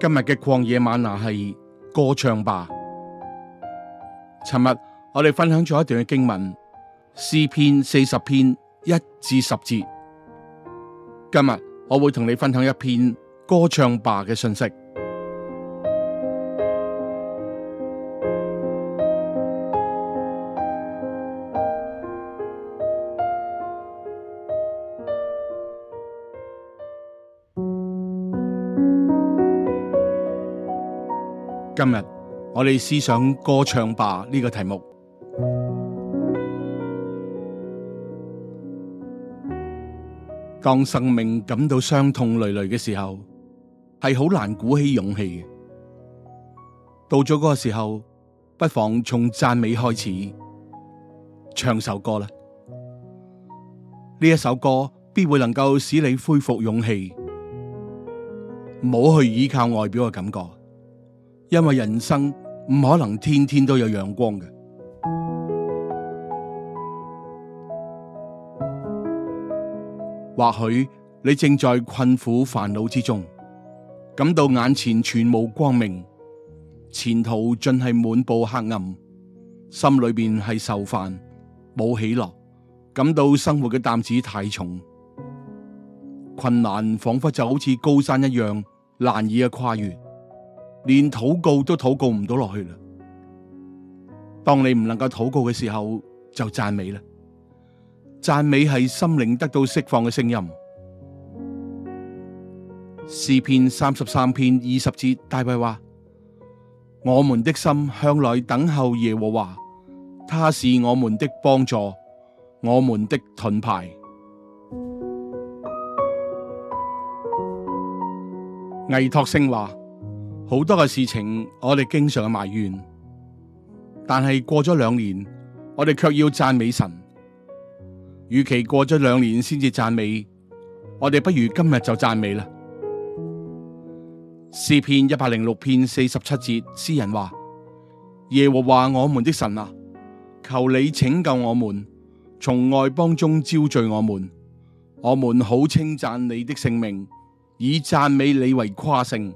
今日嘅曠野嗎哪係歌唱吧。尋日我哋分享咗一段嘅經文，詩篇四十篇一至十節。今日我會同你分享一篇歌唱吧嘅信息。今日我哋思想歌唱吧呢個題目。當生命感到傷痛累累嘅時候，係好難鼓起勇氣嘅。到咗嗰個時候，不妨從讚美開始唱首歌啦。呢一首歌必會能夠使你恢復勇氣，唔好去依靠外表嘅感覺。因為人生唔可能天天都有陽光嘅，或許你正在困苦煩惱之中，感到眼前全無光明，前途盡係滿布黑暗，心裏邊係愁煩，冇喜樂，感到生活嘅擔子太重，困難仿佛就好似高山一樣，難以啊跨越。連禱告都禱告唔到落去啦！當你唔能夠禱告嘅時候，就讚美啦！讚美係心靈得到釋放嘅聲音。詩篇三十三篇二十節，大衛話：我們的心向來等候耶和華，他是我們的幫助，我們的盾牌。危託聖話。好多嘅事情，我哋經常埋怨，但係過咗兩年，我哋卻要讚美神。與其過咗兩年先至讚美，我哋不如今日就讚美啦。詩篇一百零六篇四十七節，詩人話：耶和華我們的神啊，求你拯救我們，從外邦中招聚我們。我們好稱讚你的聖名，以讚美你為誇勝。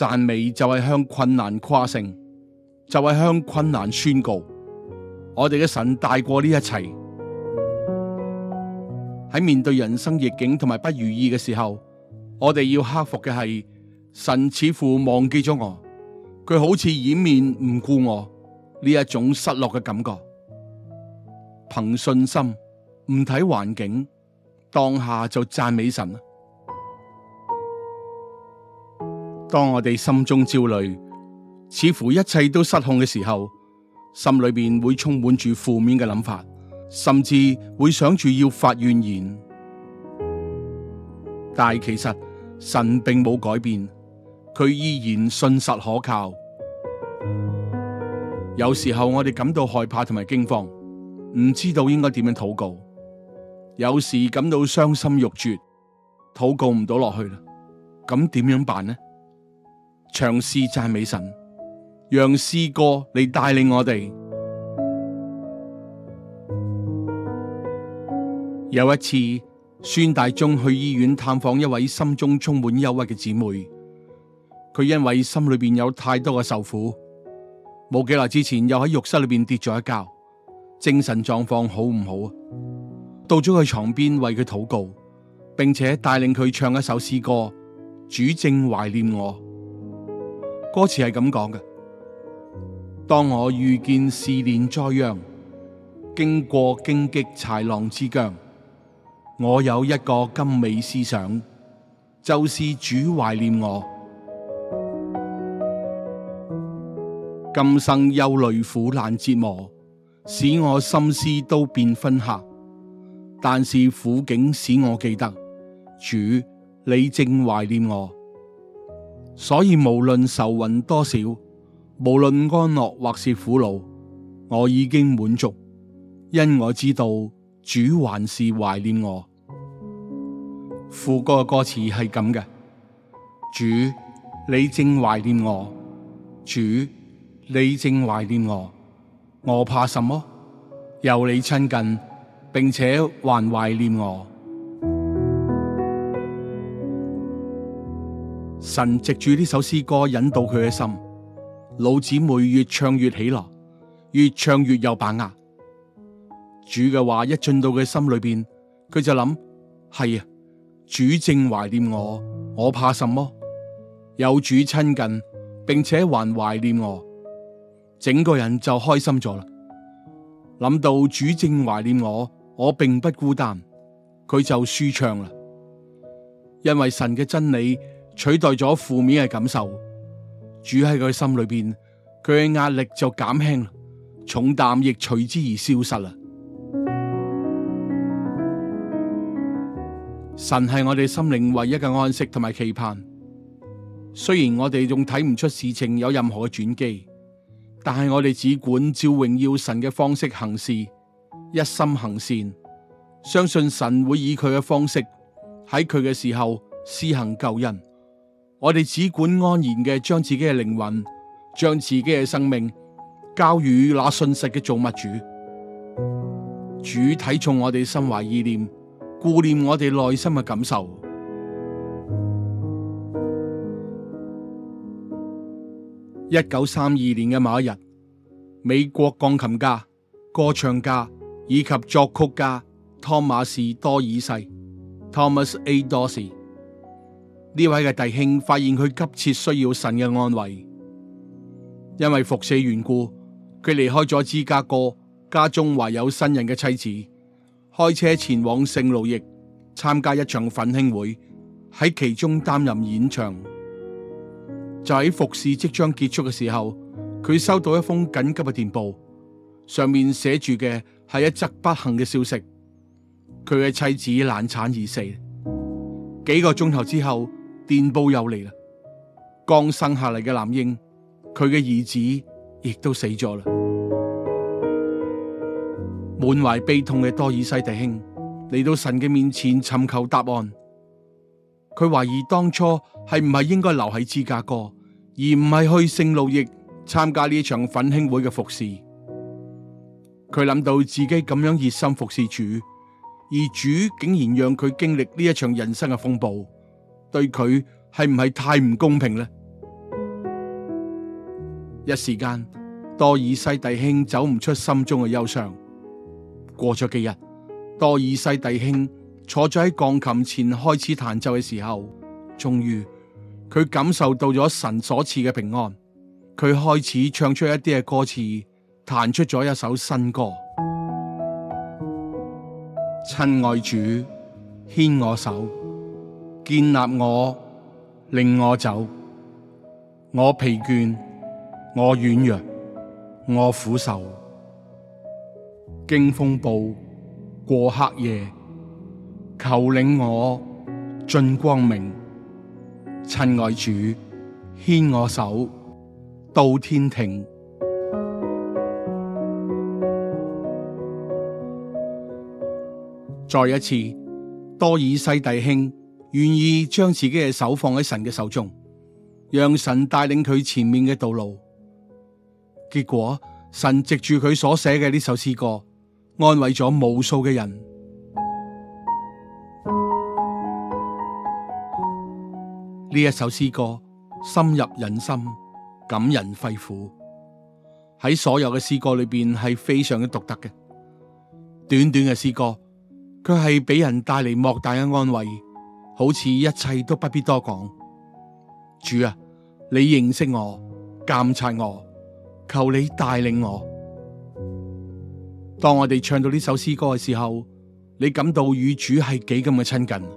讚美就係向困難誇勝，就係向困難宣告，我哋嘅神大過呢一切。喺面對人生逆境同埋不如意嘅時候，我哋要克服嘅係神似乎忘記咗我，佢好似掩面唔顧我，呢一種失落嘅感覺。憑信心，唔睇環境，當下就讚美神。當我哋心中焦慮，似乎一切都失控嘅時候，心裏邊會充滿住負面嘅諗法，甚至會想住要發怨言。但係其實神並冇改變，佢依然信實可靠。有時候我哋感到害怕同埋驚慌，唔知道應該點樣禱告；有時感到傷心欲絕，禱告唔到落去啦，咁點樣辦呢？唱詩讚美神，讓詩歌嚟帶領我哋。 有一次，孫大中去醫院探訪一位心中充滿憂鬱嘅姊妹，佢因為心裏邊有太多嘅受苦，冇幾耐之前又喺浴室裏邊跌咗一跤，精神狀況好唔好啊？到咗佢床邊為佢禱告，並且帶領佢唱一首詩歌：主正懷念我。歌詞係咁講嘅：當我遇見試煉災殃，經過荊棘豺狼之疆，我有一個甘美思想，就是主懷念我。今生憂慮苦難折磨，使我心思都變昏黑，但是苦境使我記得，主你正懷念我。所以無論愁雲多少，無論安樂或是苦惱，我已經滿足，因我知道主還是懷念我。副歌嘅歌詞係咁嘅：主，你正懷念我；主，你正懷念我。我怕什麼？有你親近，並且還懷,懷念我。神藉住呢首詩歌引導佢嘅心，老姊妹越唱越喜樂，越唱越有把握。主嘅話一進到佢心裏邊，佢就諗，係啊，主正懷念我，我怕什麼？有主親近，並且還懷念我，整個人就開心咗啦。諗到主正懷念我，我並不孤單，佢就舒暢啦。因為神嘅真理，取代咗負面嘅感受，主喺佢心裏邊，佢嘅壓力就減輕，重擔亦隨之而消失啦。神係我哋心靈唯一嘅安息同埋期盼。雖然我哋仲睇唔出事情有任何嘅轉機，但係我哋只管照榮耀神嘅方式行事，一心行善，相信神會以佢嘅方式喺佢嘅時候施行救恩。我哋只管安然嘅將自己嘅靈魂、將自己嘅生命交予那信實嘅造物主。主睇重我哋心懷意念，顧念我哋內心嘅感受。一九三二年嘅某一日，美國鋼琴家、歌唱家以及作曲家湯馬士多爾西，Thomas A. Dorsey）。呢位嘅弟兄發現佢急切需要神嘅安慰，因為服侍緣故，佢離開咗芝加哥，家中懷有新人嘅妻子，開車前往聖路易參加一場奮興會，喺其中擔任演唱。就喺服侍即將結束嘅時候，佢收到一封緊急嘅電報，上面寫住嘅係一則不幸嘅消息，佢嘅妻子難產而死。幾個鐘頭之後。電報又嚟啦！剛生下嚟嘅男嬰，佢嘅兒子亦都死咗啦。滿懷悲痛嘅多爾西弟兄嚟到神嘅面前尋求答案。佢懷疑當初係唔係應該留喺芝加哥，而唔係去聖路易參加呢一場復興會嘅服侍。佢諗到自己咁樣熱心服侍主，而主竟然讓佢經歷呢一場人生嘅風暴。對佢係唔係太唔公平呢？一時間，多爾西弟兄走唔出心中嘅憂傷。過咗幾日，多爾西弟兄坐咗喺鋼琴前開始彈奏嘅時候，終於佢感受到咗神所賜嘅平安。佢開始唱出一啲嘅歌詞，彈出咗一首新歌：親愛主，牽我手。建立我，令我走，我疲倦，我軟弱，我苦愁，經風暴，過黑夜，求領我進光明，親愛主，牽我手到天庭。再一次，多爾西弟兄。願意將自己嘅手放喺神嘅手中，讓神帶領佢前面嘅道路。結果，神藉住佢所寫嘅呢首詩歌，安慰咗無數嘅人。呢一首詩歌深入人心，感人肺腑。喺所有嘅詩歌裏面係非常嘅獨特嘅。短短嘅詩歌，佢係俾人帶嚟莫大嘅安慰。好似一切都不必多講，主啊，你認識我，監察我，求你帶領我。當我哋唱到呢首詩歌嘅時候，你感到與主係幾咁嘅親近。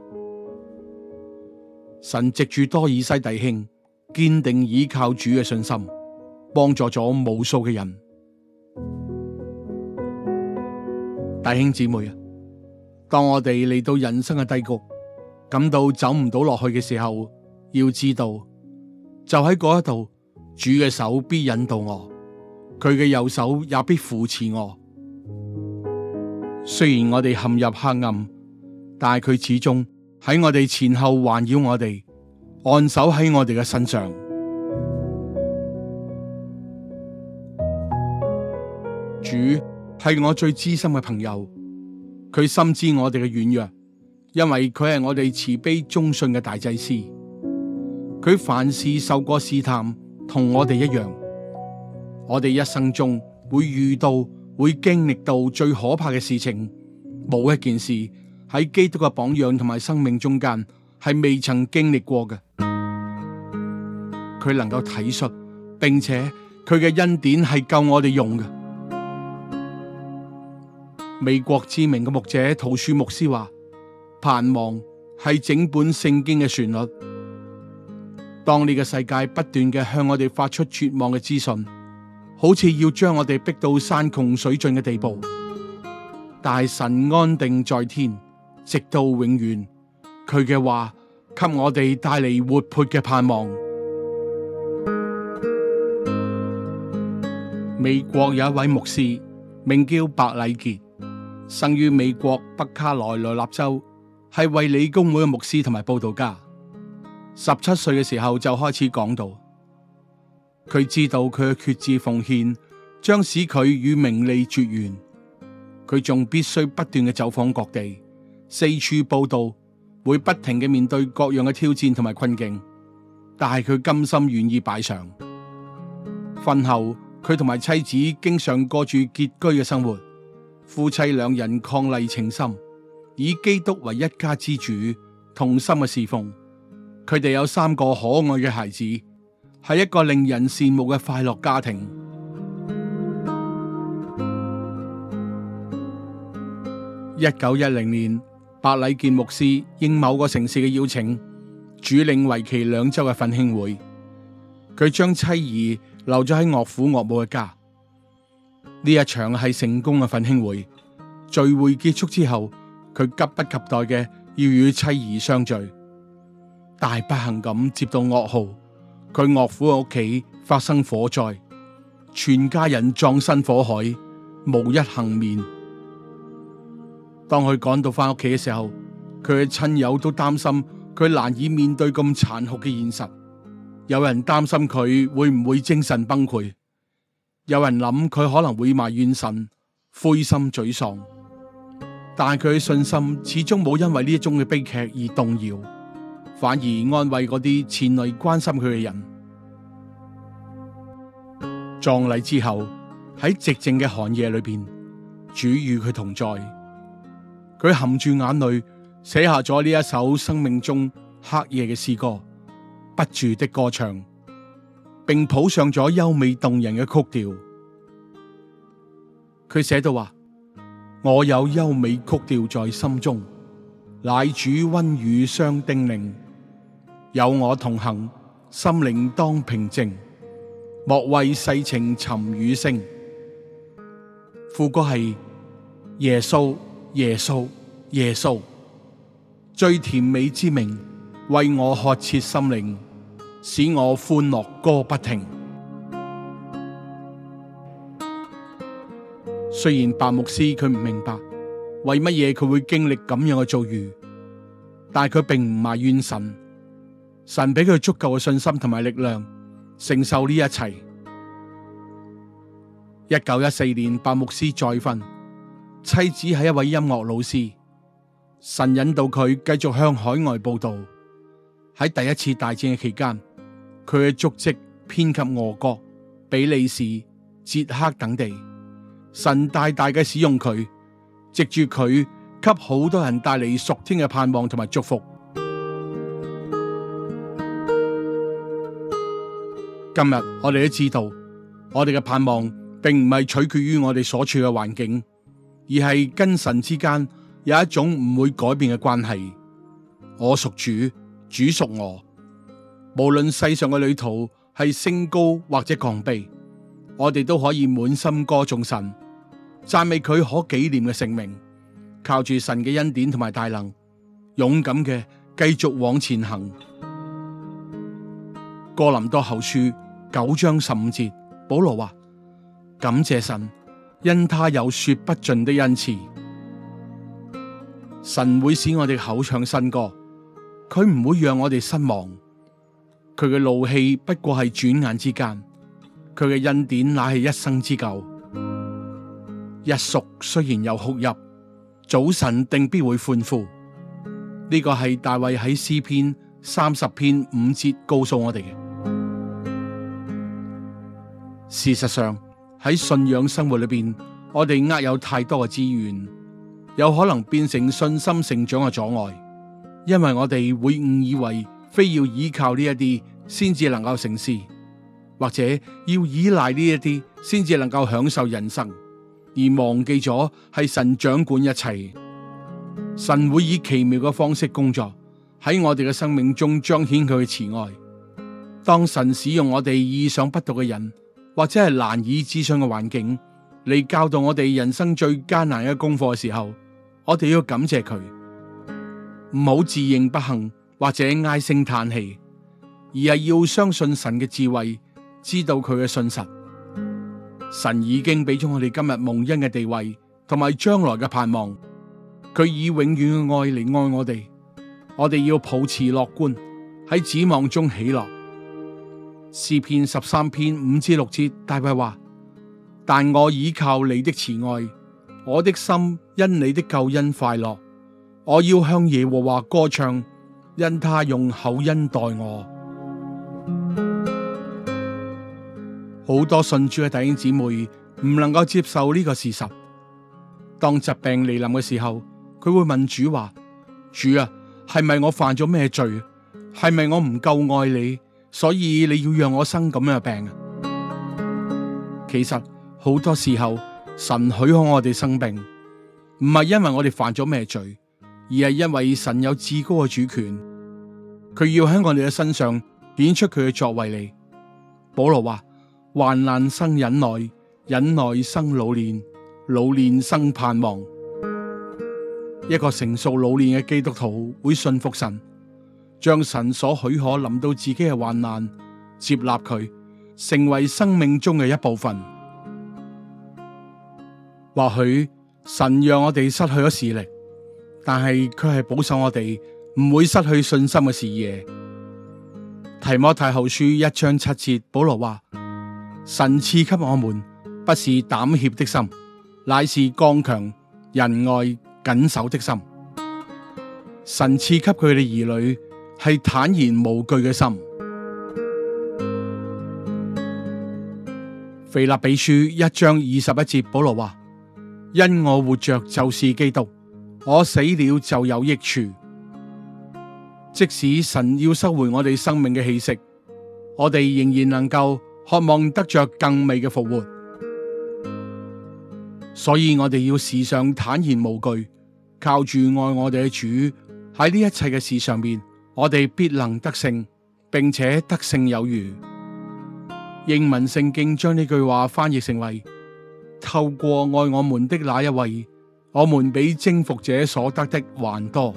神藉住多爾西弟兄堅定依靠主嘅信心，幫助咗無數嘅人。弟兄姊妹啊，當我哋嚟到人生嘅低谷，感到走唔到落去嘅時候，要知道，就喺嗰度，主嘅手必引導我，佢嘅右手也必扶持我。雖然我哋陷入黑暗，但係佢始終喺我哋前後環繞我哋，按手喺我哋嘅身上。主係我最知心嘅朋友，佢深知我哋嘅軟弱。因為佢係我哋慈悲忠信嘅大祭司，佢凡事受過試探，同我哋一樣。我哋一生中會遇到、會經歷到最可怕嘅事情，冇一件事喺基督嘅榜樣同埋生命中間係未曾經歷過嘅。佢能夠體恤，並且佢嘅恩典係夠我哋用嘅。美國知名嘅牧者陶恕牧師話。盼望係整本聖經嘅旋律。當呢個世界不斷嘅向我哋發出絕望嘅資訊，好似要將我哋逼到山窮水盡嘅地步，但神安定在天，直到永遠。佢嘅話給我哋帶嚟活潑嘅盼望。美國有一位牧師，名叫白禮傑，生於美國北卡羅來納州。係衛理公會嘅牧師同埋佈道家，十七歲嘅時候就開始講道。佢知道佢嘅決志奉獻將使佢與名利絕緣。佢仲必須不斷嘅走訪各地，四處佈道，會不停嘅面對各樣嘅挑戰同埋困境。但係佢甘心願意擺上。婚後，佢同埋妻子經常過住拮據嘅生活，夫妻兩人伉儷情深。以基督為一家之主，同心嘅侍奉。佢哋有三個可愛嘅孩子，係一個令人羨慕嘅快樂家庭。一九一零年，白禮建牧師應某個城市嘅邀請，主領為期兩周嘅奮興會。佢將妻兒留咗喺岳父岳母嘅家。呢一場係成功嘅奮興會。聚會結束之後，佢急不及待嘅要與，與妻兒相聚，大不幸咁接到噩耗，佢岳父嘅屋企發生火災，全家人葬身火海，無一幸免。當佢趕到返屋企嘅時候，佢嘅親友都擔心佢難以面對咁殘酷嘅現實，有人擔心佢會唔會精神崩潰，有人諗佢可能會埋怨神，灰心沮喪。但係佢嘅信心始終冇因為呢一種嘅悲劇而動搖，反而安慰嗰啲前來關心佢嘅人。葬禮之後喺寂靜嘅寒夜裏邊，主與佢同在。佢含住眼淚寫下咗呢一首生命中黑夜嘅詩歌，不住的歌唱，並譜上咗優美動人嘅曲調。佢寫到話：我有優美曲調在心中，乃主溫語相叮嚀，有我同行，心靈當平靜，莫為世情尋雨聲。副歌係：耶穌，耶穌，耶穌，最甜美之名，為我渴切心靈，使我歡樂歌不停。雖然白牧師佢唔明白為乜嘢佢會經歷咁樣嘅遭遇，但佢並唔埋怨神，神俾佢足夠嘅信心同埋力量承受呢一切。一九一四年，白牧師再婚，妻子係一位音樂老師，神引導佢繼續向海外報道。喺第一次大戰嘅期間，佢嘅足跡遍及俄國、比利時、捷克等地。神大大嘅使用佢，藉住佢給好多人帶嚟屬天嘅盼望同埋祝福。今日我哋都知道，我哋嘅盼望並唔係取決於我哋所處嘅環境，而係跟神之間有一種唔會改變嘅關係。我屬主，主屬我。無論世上嘅旅途係升高或者降卑，我哋都可以滿心歌頌神。讚美佢可紀念嘅聖名，靠住神嘅恩典同埋大能，勇敢嘅繼續往前行。哥林多後書九章十五節，保羅話：感謝神，因他有說不盡的恩賜。神會使我哋口唱新歌，佢唔會讓我哋失望。佢嘅怒氣不過係轉眼之間，佢嘅恩典乃係一生之久。一宿雖然有哭泣，早晨定必會歡呼。呢個係大衛喺詩篇三十篇五節告訴我哋嘅。事實上喺信仰生活裏邊，我哋握有太多嘅資源，有可能變成信心成長嘅阻礙，因為我哋會誤以為非要依靠呢一啲先至能夠成事，或者要依賴呢一啲先至能夠享受人生。而忘記咗係神掌管一切，神會以奇妙嘅方式工作，喺我哋嘅生命中彰顯佢嘅慈愛。當神使用我哋意想不到嘅人，或者係難以置信嘅環境嚟教導我哋人生最艱難嘅功課嘅時候，我哋要感謝佢，唔好自認不幸，或者唉聲嘆氣，而係要相信神嘅智慧，知道佢嘅信實。神已經俾咗我哋今日蒙恩嘅地位，同埋將來嘅盼望。佢以永遠嘅愛嚟愛我哋，我哋要抱持樂觀，喺指望中喜樂。詩篇十三篇五至六節，大衛話：但我倚靠你的慈愛，我的心因你的救恩快樂。我要向耶和華歌唱，因他用厚恩待我。好多信主嘅弟兄姊妹唔能夠接受呢個事實。當疾病嚟臨嘅時候，佢會問主話：主啊，係咪我犯咗咩罪？係咪我唔夠愛你，所以你要讓我生咁樣嘅病啊？其實好多時候，神許可我哋生病，唔係因為我哋犯咗咩罪，而係因為神有至高嘅主權，佢要喺我哋嘅身上顯出佢嘅作為嚟。保羅話、啊。患難生忍耐，忍耐生老練，老練生盼望。一個成熟老練嘅基督徒會信服神，將神所許可臨到自己嘅患難，接納佢，成為生命中嘅一部分。或許神讓我哋失去咗視力，但係佢係保守我哋唔會失去信心嘅視野。提摩太後書一章七節，保羅話。神賜給我們不是膽怯的心，乃是剛強、仁愛、謹守的心。神賜給佢哋兒女係坦然無懼嘅心。腓立比書一章二十一節，保羅話：因我活着就是基督，我死了就有益處。即使神要收回我哋生命嘅氣息，我哋仍然能夠渴望得着更美嘅復活，所以我哋要時常坦然無懼，靠住愛我哋嘅主喺呢一切嘅事上面，我哋必能得勝，並且得勝有餘。英文聖經將呢句話翻譯成為：透過愛我們的那一位，我們比征服者所得的還多。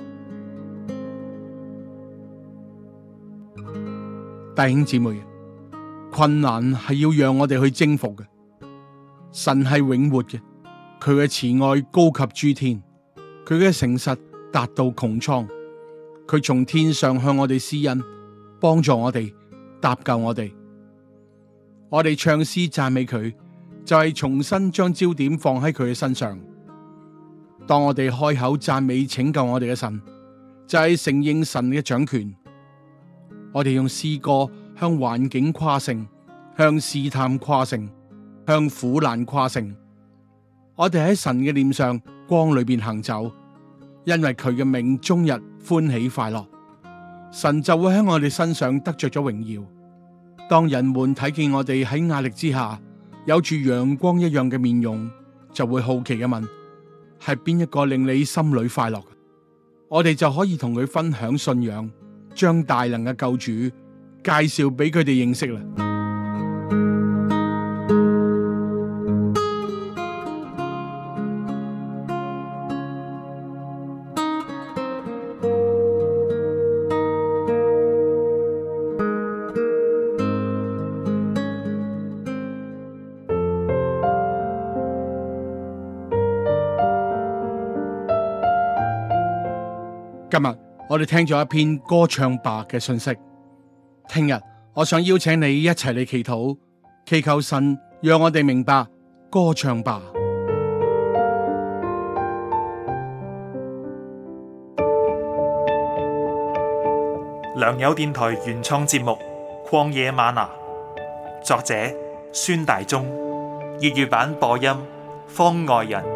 弟兄姊妹。困難係要讓我哋去征服嘅，神係永活嘅，佢嘅慈愛高及諸天，佢嘅誠實達到穹蒼，佢從天上向我哋施恩，幫助我哋，搭救我哋。我哋唱詩讚美佢，就係重新將焦點放喺佢嘅身上。當我哋開口讚美拯救我哋嘅神，就係承認神嘅掌權。我哋用詩歌。向環境誇勝，向試探誇勝，向苦難誇勝。我哋喺神嘅臉上光裏面行走，因為佢嘅命終日歡喜快樂。神就會喺我哋身上得着咗榮耀。當人們睇見我哋喺壓力之下有住陽光一樣嘅面容，就會好奇噉問：係邊一個令你心裏快樂？我哋就可以同佢分享信仰，將大能嘅救主。介紹畀佢哋認識啦！今日我哋聽咗一篇歌唱吧嘅信息。聽日，我想邀請你一齊嚟祈禱，祈求神讓我哋明白，歌唱吧。良友電台原創節目《曠野嗎哪》，作者孫大中，粵語版播音方外人。